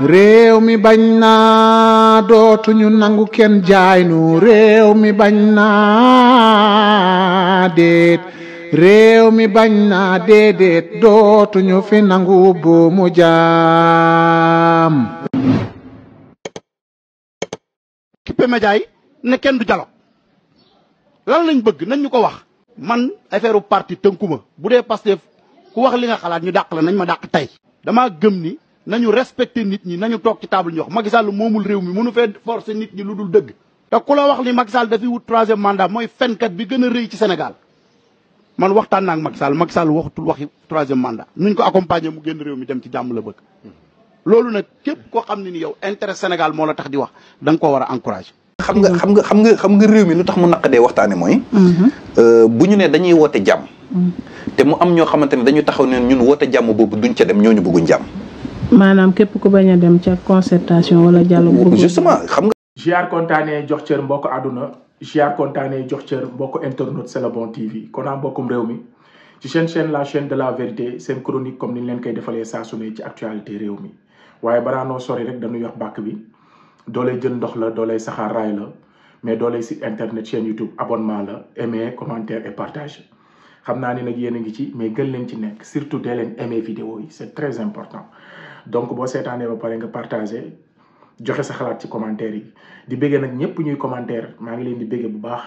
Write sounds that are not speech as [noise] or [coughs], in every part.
Reo mi bañ do dootuñu nangu kenn jaay nu Reo mi bañ naa déet réew mi bañ do déedéet dootuñu fi nangu buumu jaam kippe média ne kenn du jalo lan lañ bëgg nañ ñu ko man affaire parti tënkuma bu dee pastef ku wax li nga xalaat ñu dàq la ma dàq tey dama gëm nañu respecter nit ñi nañu tok ci table ñox wax Macky Sall moomul rew mi mënu fe forcer nit ñi luddul deug dëgg. te ku la wax li Macky Sall dafi wut 3e mandat moy fenkat bi gëna a ci Sénégal man waxtaan nak ak Macky Sall Macky Sall waxutul waxi troisième mandat nuñ ko accompagner mu gën réew mi dem ci jamm la bëgg. lolu nak képp ko xamni ni yow intérêt Sénégal mo la tax di wax da nga koo war a xam nga xam nga xam nga xam nga réew mi lu tax mu naqadee waxtaane moy mhm. euh buñu nee dañuy woote jàmm. Mhm. té mu am ño xamante dañu taxaw ne ñun woote jàmm boobu duñ ca dem ñooñu bëgguñ jàmm manam kep ku baña dem ci concertation wala dialogue. justement xam nga. ziar kontaanee jox cër mbok aduna ziar kontaanee jox cër mbok internet c'est le bon TV kon naa bokum rewmi ci chaîne chaîne la chaîne de la vérité seen chronique comme niñ len kay defalé sa saa ci actualité rewmi waye waaye balaa sori rek dañuy yox bak bi dooley jën ndox la dooley saxar ray la mais dooley site internet chaîne YouTube abonnement la aimer commentaire et partage. xamna ni nak nag ngi ci mais gën len ci nek surtout dee len aimer vidéo yi c'est très important donc boo seetaanee ba pare nga partager joxe sa xalaat ci commentaire yi di béggee nag ñëpp ñuy commentaire maa ngi leen di béggee bu baax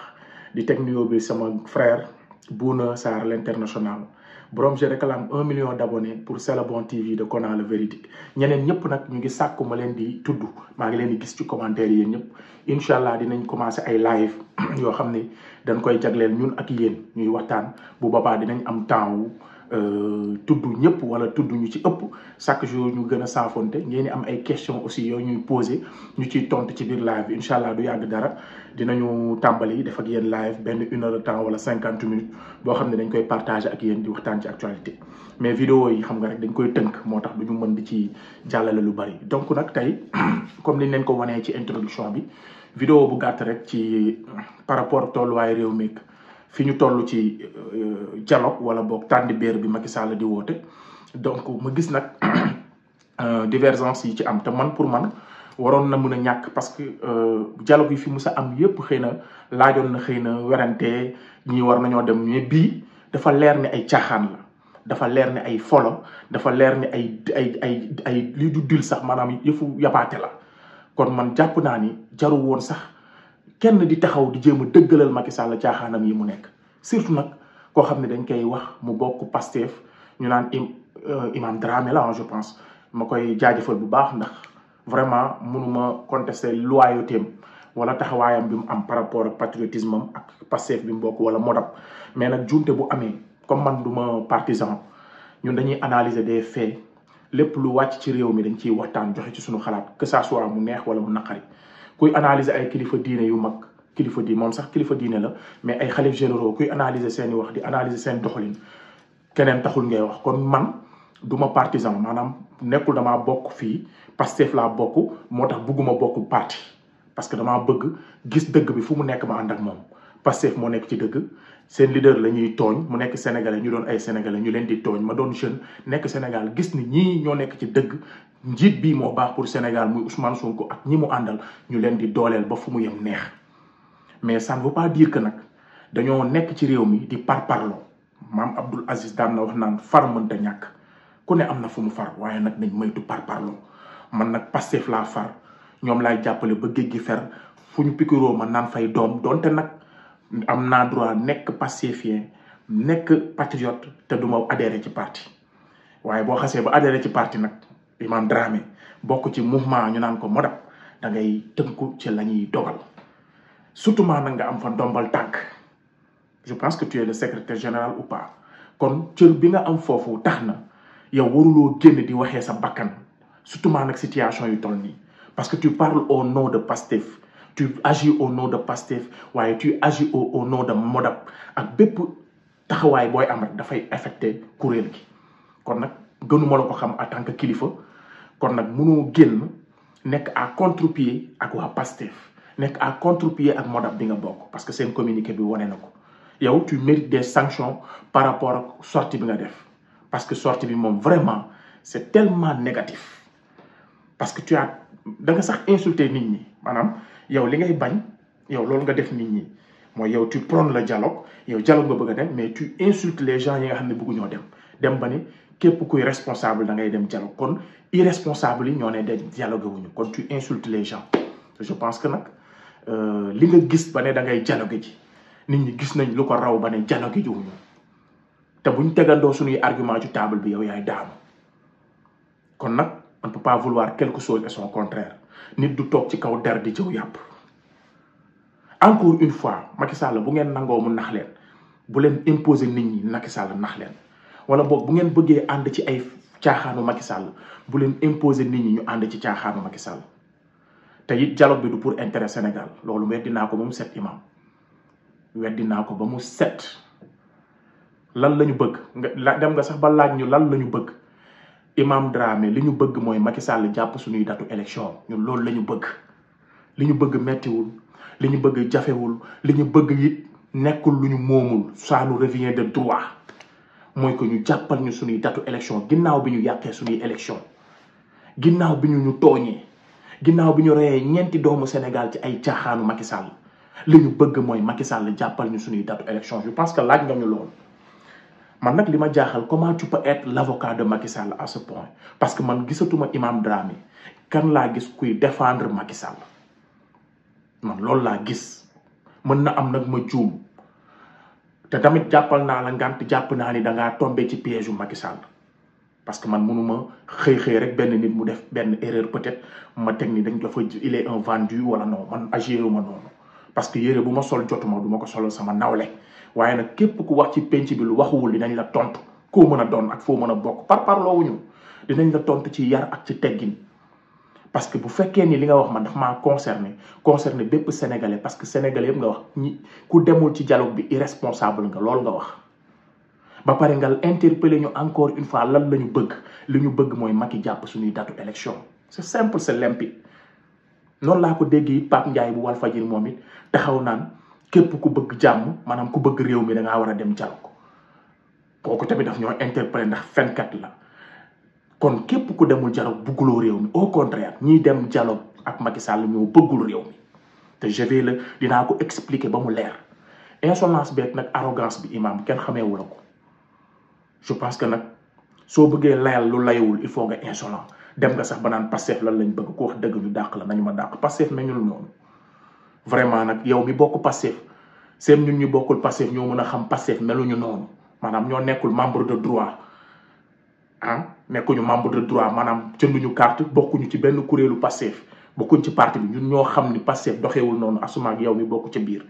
di teg nuyoo bi sama frère Bouna Sarr l'international borom je réclame 1 million d'abonnés pour C'est le bon TV de Kona le véridique ñeneen ñëpp nag ñu ngi sàkku ma leen di tudd maa ngi leen di gis ci commentaire yi yéen ñëpp incha allah dinañ commencé ay live [clears throat] yoo xam ne dañ koy jagleel ñun ak yéen ñuy waxtaan bu boobaa dinañ am temps wu euh, tout le wala tudd ñu ci chaque jour nous gën a nous am questions aussi nous nous poser nous allons ci live une incha de du dara live une heure de temps ou cinquante minutes pour partager avec vous di actualité mais vidéo yi xam nga rek dañ donc [clears throat] comme nous introduction vidéo est par rapport fiñu tollu ci euh, dialogue wala bok Tande béer bi Macky Sall di wote donc ma gis nag [coughs] euh, divergence yi ci am te man pour man waron na mëna ñak parce que euh dialogue bi fi mësa am yépp xeyna na laajoon na xeyna na ñi war nañu dem mais bi dafa leer ni ay tiaxan la dafa leer ni ay folo dafa leer ni ay ay ay ay li du dul sax manam yëfu yabaté la kon man japp na ni jaru won sax kenn di taxaw di jéem a dëggalal Macky Sall caaxaanam yi mu nekk surtout nag koo xam ne dañ koy wax mu bokk Pastef ñu naan euh, Imam Dramé la je pense ma koy jaajëfal bu baax ndax vraiment mënuma contester loyauté wala taxawaayam bi mu am par rapport ak patriotisme ak Pastef bi mu bokk wala modab mais nag junte bu amee comme man duma partisan ñun dañuy analyser des faits lépp lu wàcc ci réew mi dañ ciy waxtaan joxe ci suñu xalaat que ça soit mu neex wala mu naqari كوي اناليز اي كليفة دين يو مك كليفة دين مام صح كليفة دين لا مي اي خليف جنرو كوي اناليز سين يو دي اناليز سين دخلين كنم تخلون جاي وح كون من دوما بارتيزان مانام نكول دما بوك في باستيف لا بوكو موتا بوغوما بوكو بارتي باسكو دما بوغ غيس دغ بي فومو نيك ما اندك مام باستيف مو نيك تي دغ سين ليدر لا نيي توغ مو نيك سينيغالي ني دون اي سينيغالي ني لين دي توغ ما دون جين نيك سينيغال غيس ني ني ньо نيك تي دغ njit bi mo bax pour senegal muy ousmane sonko ak ñi andal ñu leen di dolel ba fu mu yam neex mais ça ne veut pas dire que nak dañoo nekk ci rew mi di par parlo mam abdul aziz daan na wax nan far ta ñak ku ne amna fu mu far waye neng nañ meytu par parlo man nak passef la far ñom lay jappalé ba géej fer fu ñu pikiroo ma naan fay dom donte nak amna droit nek passifien nek patriote te duma adhérer ci parti waye bo xasse ba adhérer ci parti nak Imam Dramé bokk ci mouvement ñu nan ko modab da ngay tënku ci lañuy dogal surtout ma nga am fa dombal tànk je pense que tu es le secrétaire général ou pas kon cër bi nga am fofu taxna na yow waruloo génn di waxe sa bakkan surtout ma nak situation yu toll ni parce que tu parles au nom de Pastef tu agis au nom de Pastef waaye tu agis au au nom de modab ak bépp taxaway boy am da fay affecter kuréel gi kon nak gënuma la ko xam en tant que kilifa kon nak mënoo génn nekk à contre-pied ak waa Pastef nekk à contre-pied ak modab bi nga bokk parce que seen communiqué bi wane na ko yow tu mérites des sanctions par rapport ak sortie bi nga def parce que sortie bi moom vraiment c'est tellement négatif parce que tu as da nga sax insulter nit ñi maanaam yow li ngay bañ yow loolu nga def nit ñi mooy yow tu prônes le dialogue yow dialogue nga bëgg a dem mais tu insultes les gens yi nga xam ne bëgguñoo dem dem ba ni képp kuy responsable da ngay dem dialogue kon irresponsable yi ñoo ne de dialogue wuñu kon tu insultes les gens je pense que nag euh, li nga gis ba ne da ngay dialogue ji nit ñi gis nañ lu ko raw ba ne dialogue ji wuñu te buñ tegandoo suñuy argument ci table bi yow yaay daanu kon nak on ne peut pas vouloir quelque chose et son contraire nit du toog ci kaw der di jëw yàpp encore une fois Macky Sall bu ngeen nangoo mu nax leen bu leen imposer nit ñi Macky Sall nax leen wala boog bu ngeen bëggee ànd ci ay caaxaanu Macky Sall bu leen imposer nit ñi ñu ànd ci caaxaanu Macky Sall te it dialogue bi du pour intérêt Sénégal loolu weddi ko ba mu set imam weddi naa ko ba mu set lan la ñu bëgg nga dem nga sax ba laaj ñu lan la ñu bëgg imam Dramé li ñu bëgg mooy Macky Sall jàpp suñuy datu élection ñun loolu la ñu bëgg li ñu bëgg mettiwul li ñu bëgg jafewul li ñu bëgg it nekkul lu ñu moomul ça nous revient de droit mooy que ñu jàppal ñu suñuy datu élection ginnaaw bi ñu yàqee suñuy élection ginnaaw bi ñu ñu tooñee ginnaaw bi ñu reyee ñeenti doomu Sénégal ci ay caaxaanu Macky Sall li ñu bëgg mooy Macky Sall jàppal ñu suñuy datu élection je pense que laaj nga ñu loolu man nag li ma jaaxal comment tu peux l'avocat de Macky Sall à ce point parce que man gisatuma Imam Dramé kan laa gis kuy défendre Macky Sall man loolu laa gis mën na am nag ma juum te tamit jàppal naa la ngant jàpp naa ni da ngaa ci piège yu Macky parce que man mënuma xëy xëy rek benn nit mu def benn erreur peut ma teg ni dañ dafa il est un vendu wala non man agiruma noonu parce que yére bu ma sol jotuma du ko solal sama nawle waaye nag képp ku wax ci penc bi lu waxuwul dinañ la tontu koo mën a doon ak foo mën a bokk par parloowuñu dinañ la tontu ci yar ak ci teggin parce que bu fekkee ni li nga wax man ndax ma concerné concerné bép sénégalais parce que sénégalais yëpp nga wax ñi ku demul ci dialogue bi irresponsable nga loolu nga wax ba paré nga interpeller ñu encore une fois lan lañu bëgg li ñu bëgg moy Macky jàpp suñu date élection c'est simple c'est limpide non la ko déggé it Pape Ndiaye bu wal moom momit taxaw naan képp ku bëgg jamm manam ku bëgg réew mi da nga wara dem dialogue koku tamit daf ñoo interpeller ndax 24 la kon képp ku demul dialogue bugguloo réew mi au contraire ñi dem dialogue ak Macky Sall ñoo bëggul réew mi te je vais le dinaa ko expliquer ba mu leer insolence beeg nag arrogance bi imam kenn xameewu la ko je pense que nag soo bëggee layal lu layewul il faut nga insolent dem nga sax ba naan passef lan lañ bëgg ko wax dëgg ñu dàq la nañu ma dàq passef meñul noonu vraiment nag yow mi bokk passef ñun ñu bokkul passef ñoo mën xam passef meluñu noonu maanaam ñoo nekkul membre de droit ah nekkuñu membre de droit maanaam jënduñu carte bokkuñu ci benn kuréelu Pastef bokkuñ ci parti bi ñun ñoo xam ni Pastef doxewul noonu asuma ak yow mi bokk ca biir.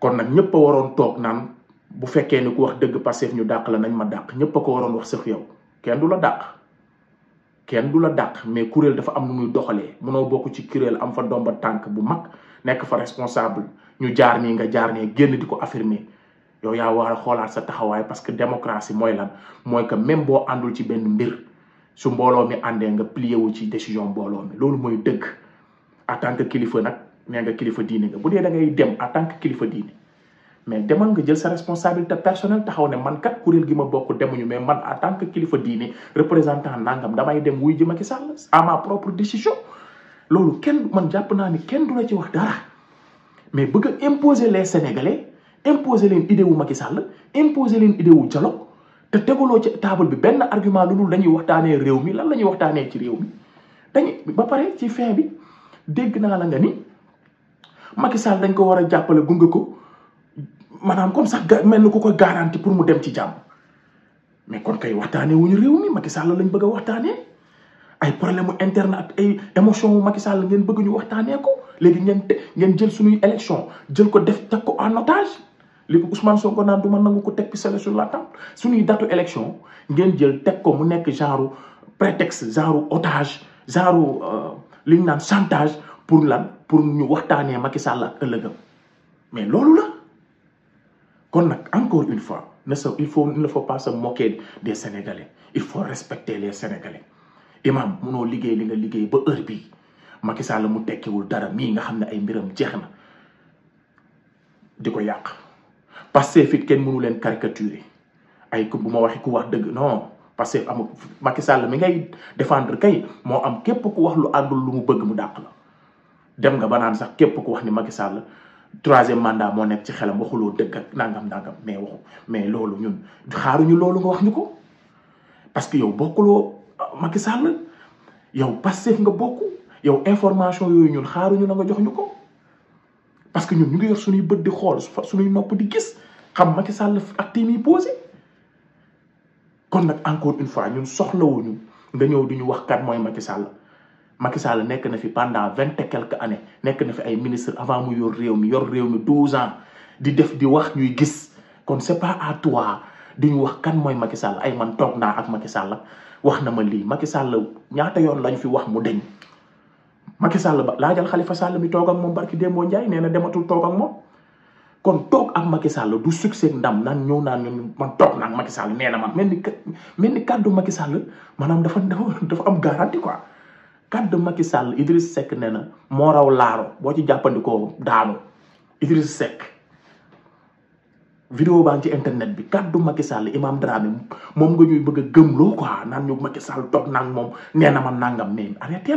kon nag ñëpp a waroon toog naan bu fekkee ni ku wax dëgg Pastef ñu dàq la nañ ma dàq ñëpp a ko waroon wax sax yow kenn du la dàq. kenn du la dàq mais kuréel dafa am nu muy doxalee mënoo bokk ci kuréel am fa domba tànk bu mag nekk fa responsable ñu jaar nii nga jaar nii génn di ko affirmer yow ya war a sa taxaway parce que démocratie moy lan moy que même bo andul ci ben mbir su mbolo mi ande nga plié wu ci décision mbolo mi lolou moy deug en tant que kilifa nak ne nga kilifa diine nga budé da ngay dem en tant que kilifa diine mais demal nga jël sa responsabilité personnelle taxaw ne man kat kurel gi ma demu ñu mais man en tant que kilifa diine représentant nangam damay dem wuy ji Macky Sall à ma propre décision lolou kenn man japp na ni kenn dula ci wax dara mais bëgg imposer les sénégalais imposer leen idée wu Macky Sall imposer leen idée wu dialogue te tegaloo ci table bi benn argument lu dañuy waxtaanee réew mi lan la ñuy waxtaanee ci réew mi ba pare ci fin bi dégg naa la nga ni Macky Sall dañ ko war a jàppale gunge ko maanaam comme sax mel ni ko garanti pour mu dem ci jàmm mais kon kay waxtaanee wuñu réew mi Macky lañ bëgg a waxtaanee ay problème mu interne ak ay émotion wu Macky Sall ngeen bëgg ñu waxtaanee ko léegi ngeen te ngeen jël suñuy élection jël ko def teg ko en otage li Ousmane Sonko naan du ma nangu ko teg pistolet sur la table suñuy datu élection ngeen jël teg ko mu nek genre prétexte genre otage genre euh, liñ naan chantage pour lan pour ñu waxtaanee Macky Sall ak mais lolu la kon nak encore une fois ne sa il faut il ne faut pas se moquer des sénégalais il faut respecter les sénégalais imam mëno liggéey li nga liggéey ba heure bi Macky Sall mu wul dara mi nga xamné ay mbiram jeex diko di passé fit kenn mënu len caricaturer ay ko buma waxi wax deug non passé am amu Macky Sall mi ngay défendre kay mo am képp ku wax lu andul lu mu bëgg mu dakk la dem nga banan sax képp ku wax ni Macky Sall troisième mandat mo nek ci xelam waxuloo deug ak nangam nangam mais waxu mais lolu ñun ñu lolu nga wax ñuko parce que yow euh, Macky Sall yow passé nga bokku yow information yooyu ñun xaaruñu nga jox ñuko parce que ñun ñu ngi yor suñuy bëdd di xool suñuy nopp di gis xam Macky Sall ak timi posé kon nak encore une fois ñun soxla wuñu nga ñëw duñu wax kat moy Macky Sall Macky Sall nekk na fi pendant 20 et quelques années nekk na fi ay ministre avant mu yor réew mi yor réew mi 12 ans di def di wax ñuy gis kon c'est pas à toi di ñu wax kan moy Macky Sall ay man tok na ak Macky Sall wax na ma li Macky Sall ñaata yoon lañ fi wax mu deñ Macky Sall ba laajal Khalifa Sall mi toog ak moom barki Demba Ndiaye nee na dematul toog ak moom kon toog ak Macky Sall du succès ndam naan ñëw naa ñun man toog naa ak Macky nee na man mel ni mel ni kàddu Macky Sall maanaam dafa dafa am garantie quoi kàddu Macky Sall Idriss Seck nee na moo raw boo ci jàppandikoo daanu Idriss Seck. vidéo ci internet bi kàddu Macky Sall Imam Dramé moom nga ñuy bëgg a gëmloo naan ñu Macky Sall naa nee na ma nangam mais arrêté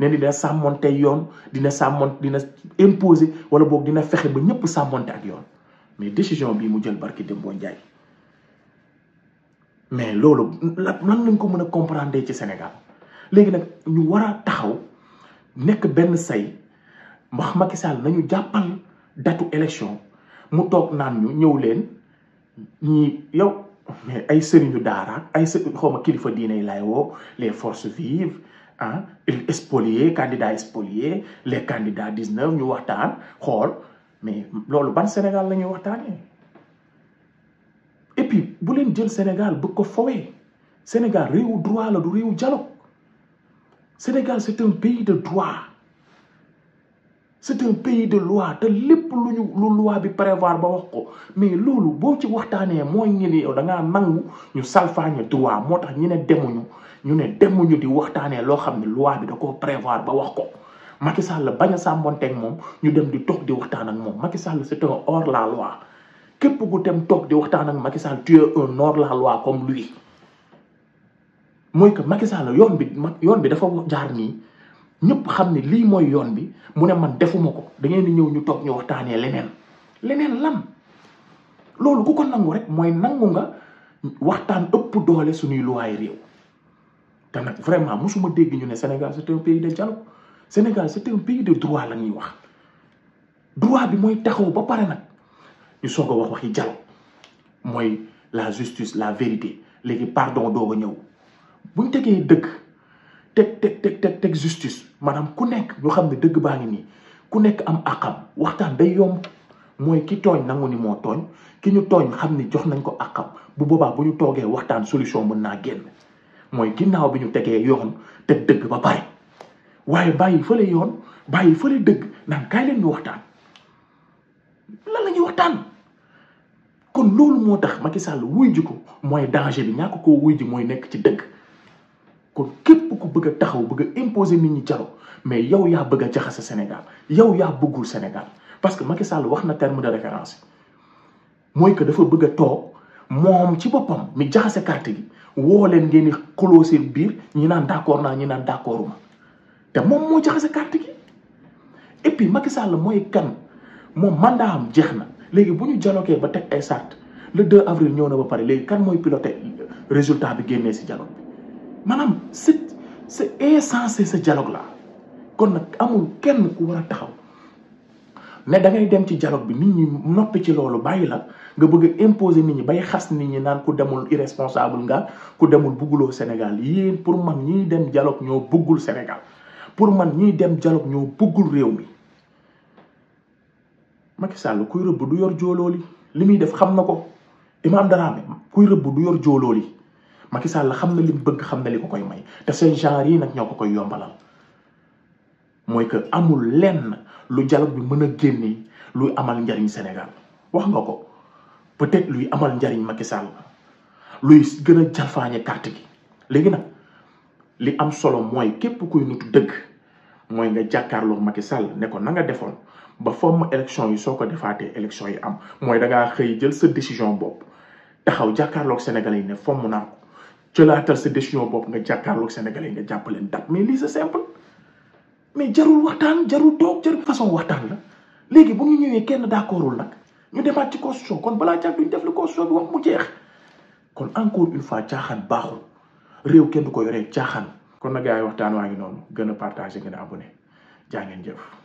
ne dina sàmmoon tey yoon dina sàmmoon dina imposer wala boog dina fexe ba ñëpp sàmmonte ak yoon mais décision bii mu jël barki Dembo njaay mais loolu lan lañ ko mën a comprender ci senegal léegi nag ñu war a taxaw nekk benn say wax Macky Sall nañu jàppal datu élection mu toog naan ñu ñëw leen ñi yow mais ay sëriñu daara ay xawma kilifa diine lay woo les forces vives ah spolié candidat spolié les candidats 19 ñu waxtaan xol mais lolu ban Sénégal lañu ñuy et puis bu len jël Sénégal bëgg ko fowé Sénégal réewu droit la du réewu dialogue Sénégal c'est un pays de droit c'est un pays de loi te lepp luñu lu loi bi prévoir ba wax ko mais lolu bo ci waxtané moy ñi ne yow da nga nangu ñu salfaañe droit motax tax ñu ne ñu ne demuñu di waxtané lo xamné loi bi da ko prévoir ba wax ko Macky Sall bañ ak moom ñu dem di tok di waxtaan ak mom Macky Sall c'est un hors la loi képp ku dem tok di waxtaan ak Macky Sall tu es un hors la loi comme lui moy que Macky Sall yoon bi yoon bi dafa jaar ni ñepp xam li moy yoon bi mu ne man defuma ko da ngay di ñew ñu tok ñu waxtaanee leneen leneen lam loolu ku ko nangu rek moy nangu nga waxtaan ëpp doole suñuy loi réew te vraiment musuma ñu Sénégal c'est un pays de Le Sénégal c'est un pays de droit la droit bi moy taxaw ba sommes ñu wax la justice la vérité Le pardon pas nga ñew buñ dëgg justice Madame, ku nekk ñu xamné dëgg am akam. waxtaan day yom qui ki togn nangu ni ki ñu solution mooy ginnaaw bi ñu tegee yoon te dëgg ba pare waaye bàyyi fële yoon bàyyi fële dëgg naan kaay leen ñu waxtaan lan la ñuy waxtaan kon loolu moo tax Macky Sall wuy ji ko mooy danger bi ñàkk koo wuy ji mooy nekk ci dëgg kon képp ku bëgg a taxaw bëgg a nit ñi jaro mais yow yaa bëgg a jaxase Sénégal yow yaa bëggul Sénégal parce que Macky Sall wax na terme de référence mooy que dafa bëgg a toog moom ci boppam mi jaxase carte gi woo leen ngeen di xuloo seen biir ñi naan d'accord naa ñi naan d'accorduma te moom moo jaxase carte gi et puis Macky Sall mooy kan moom mandat am jeex na léegi bu ñu dialogué ba teg ay sart le 2 avril ñëw na ba pare léegi kan mooy piloté résultat bi génnee si dialogue bi maanaam c'est c'est insensé sa dialogue laa kon nag amul kenn ku war a taxaw. mais da ngay dem ci dialogue bi nit ñi noppi ci loolu bàyyi la nga bëgg imposer nit ñi bay xas nit ñi naan ku demul irresponsable nga ku demul bugguloo sénégal yéen pour man ñiy dem dialogue ñoo buggul sénégal pour man ñiy dem dialogue ñoo buggul réew mi Macky Sall kuy rëbb du yor joololi li muy def xam na ko imam Dramé kuy rëbb du yor joololi Macky Sall xam na lim bëgg xam na li ko koy may te seen genre yi nag ñoo ko koy yombalal mooy que amul lenn lu dialogue bi mën a génne luy amal njariñ Sénégal wax nga ko peut-être luy amal njariñ Macky Sall luy gën a jalfaañe carte gi léegi nag li am solo mooy képp kuy nutu dëgg mooy nga jàkkaarloo Macky Sall ne ko na nga defoon ba fomm élection yi soo ko defaatee élection yi am mooy dangaa xëy jël sa décision bopp taxaw jàkkaarloog Sénégalais yi ne fomm naa ko jëlaatal sa décision bopp nga jàkkaarloog Sénégalais yi nga jàppaleen dat mais lii c'est simple mais jarul waxtaan jarul toog jarul façon waxtaan la léegi bu ñu ñëwee kenn d'accordul nag ñu demaat ci constitution kon balaa jag duñ def li constitution bi wax mu jeex kon encore une faa caaxaan baaxul réew kenn du ko yoree caaxaan. kon na gars yi waxtaan waa ngi noonu gën a partagé gën a abonné jaa ngeen jëf.